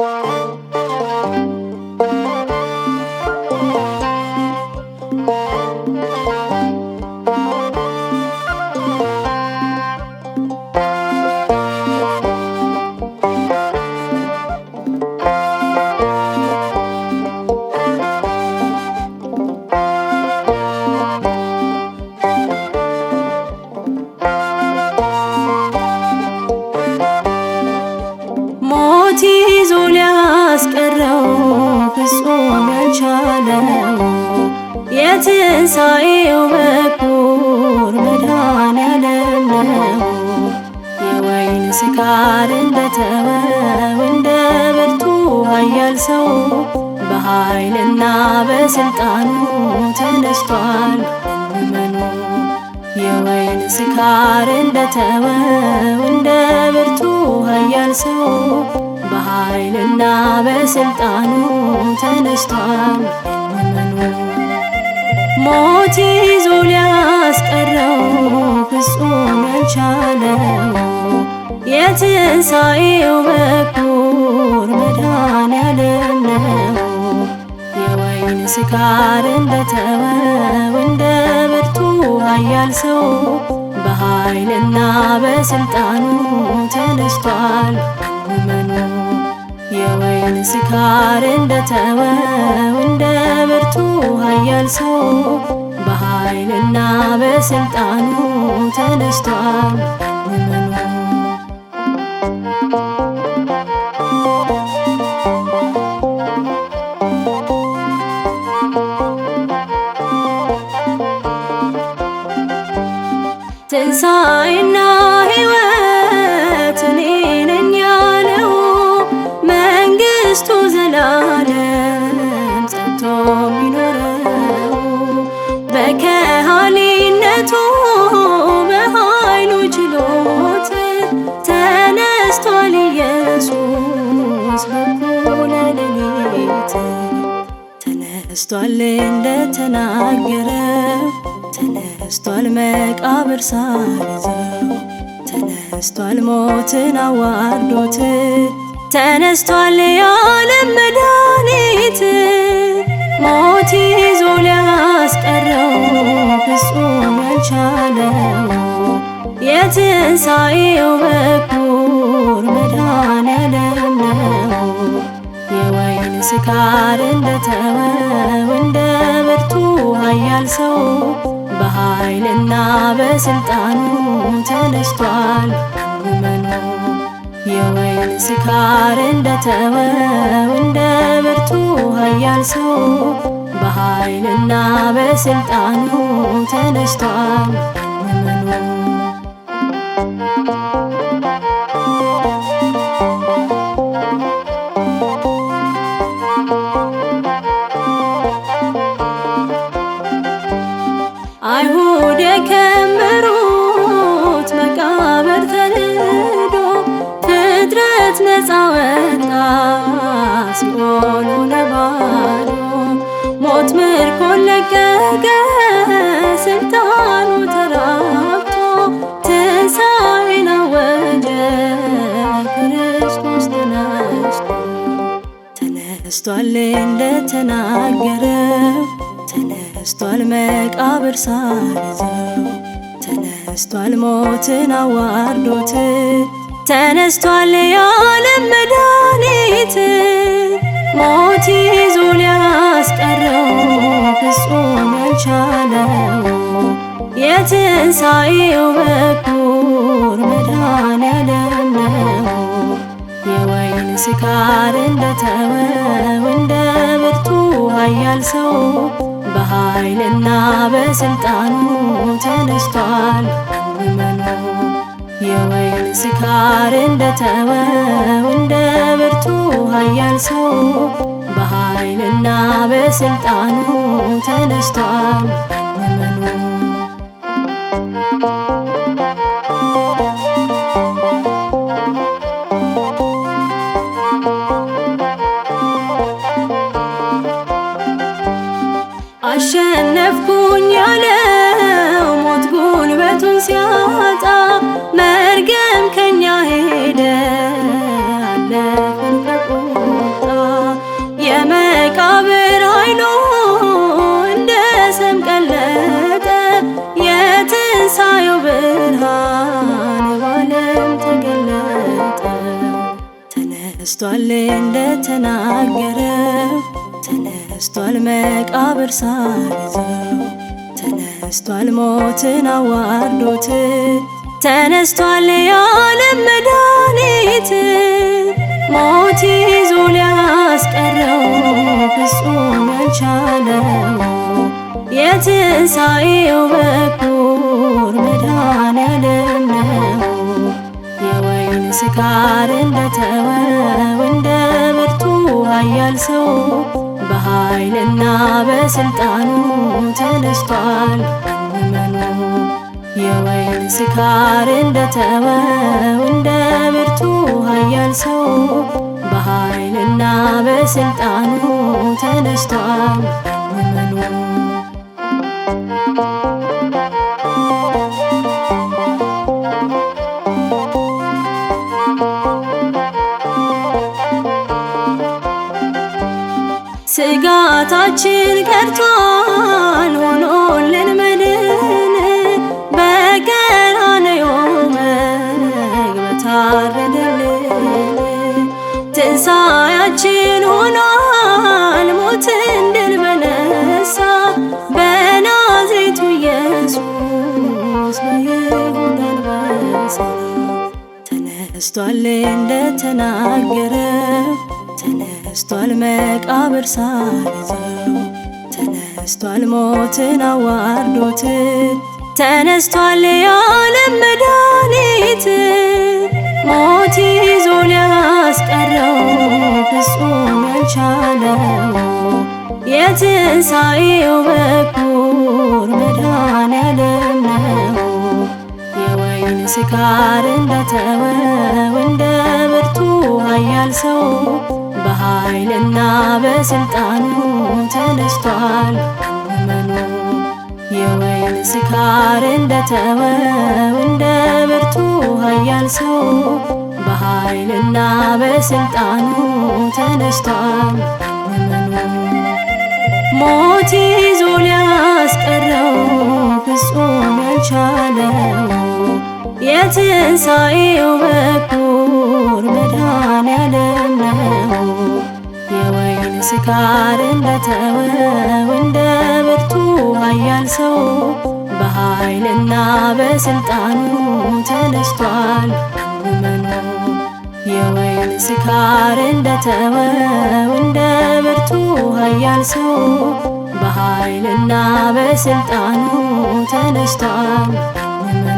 Thank oh. you. ፍጹም ያልቻለው የትንሣኤው በኩር መዳን ነው። የወይን ስካር እንደተወው እንደ ብርቱ ኃያል ሰው በኃይልና በስልጣኑ ተነስቷል መኑ የወይን ስካር እንደተወው እንደ ብርቱ ኃያል ሰው በኃይልና በስልጣኑ ተነስቷል መኑ ሞት ይዞ ሊያስቀረው ፍጹም ያልቻለው የትንሣኤው በኩር መድኃኔዓለም ነው። የወይን ስካር እንደተወው እንደ ብርቱ ኃያል ሰው በኃይልና ተነስቷል የወይን ስካር እንደተወው እንደ ብርቱ ኃያል ሰው በኃይልና በስልጣኑ ተነስቷል ትንሣኤና ሕይወት ተነስቷል እንደተናገረ ተነስቷል መቃብር ሳይዘው ተነስቷል ሞትን አዋርዶት ተነስቷል የዓለም መድኃኒት ሞት ይዞ ሊያስቀረው ፍጹም ያልቻለው የትንሣኤው በኩል ስካር እንደተወው እንደ ብርቱ ኃያል ሰው በኃይልና በስልጣኑ ተነስቷል የወይን ስካር እንደተወው እንደ ብርቱ ኃያል ሰው በኃይልና በስልጣኑ ተነስቷል ራስ ለባዶ ሞት ምርኮን ለቀቀ ስልጣኑ ተራብቶ ትንሣኤን አወጀ ክርስቶስ ተነስቶ ተነስቷል እንደተናገረው ተነስቷል መቃብር ሳይዘው ተነስቷል ሞትን አዋርዶት ተነስቷል የዓለም መድኃኒት ሞት ይዞ ሊያስቀረው ፍጹም ያልቻለው የትንሣኤው በኩር መድኃኔዓለም ነው። የወይን ስካር እንደተወው እንደ ብርቱ ኃያል ሰው በኃይልና በስልጣኑ ተነስቷል እመኑ። የወይን ስካር እንደተወው እንደ ብርቱ ኃያል ሰው በኃይልና በስልጣኑ ተነስቷል ዘመኑ። የትንሣኤው ብርሃን የዋለም ተገለጠ። ተነስቷል እንደተናገረው ተነስቷል መቃብር ሳይዘው ተነስቷል ሞትን አዋርዶት ተነስቷል የዓለም መድኃኒት ሞት ይዞ ሊያስቀረው ፍጹም ያልቻለው የትንሣኤው በኩር መድኃኔዓለም ነው። የወይን ስካር እንደተወው እንደ ብርቱ ኃያል ሰው በኃይልና በስልጣኑ ተነስቷል የወይን ስካር እንደተወው እንደ ብርቱ ኃያል ሰው በኃይልና በስልጣኑ ተነስቷል እንመኑ። ስጋታችን ቀርቷል ሆኖልን መድን በቀራንዮ መግበት አረደልን ትንሣኤያችን ሆኗል ሞትን ድል በነሳ በናዝሬቱ ኢየሱስ በይሁዳ አንበሳ ተነስቷል እንደተናገረው ተነስቷል መቃብር ሳይዘው ተነስቷል ሞትን አዋርዶት ተነስቷል የዓለም መድኃኒት ሞት ይዞ ሊያስቀረው ፍጹም ያልቻለው የትንሣኤው በኩር መድኃኔዓለም ነው። የወይን ስካር እንደተወው እንደ ብርቱ ኃያል ሰው በኃይልና በስልጣኑ ተነስቷል መኑ የወይን ስካር እንደተወው እንደ ብርቱ ኃያል ሰው በኃይልና በስልጣኑ ተነስቷል መኑ ሞት ይዞ ሊያስቀረው ፍጹም ያልቻለው የትንሣኤው በኩር መዳን ያለ ስካር እንደተወው እንደ ብርቱ ኃያል ሰው በኃይልና በስልጣኑ ተነስቷል መኑ የወይን ስካር እንደተወው እንደ ብርቱ ኃያል ሰው በኃይልና በስልጣኑ ተነስቷል መኑ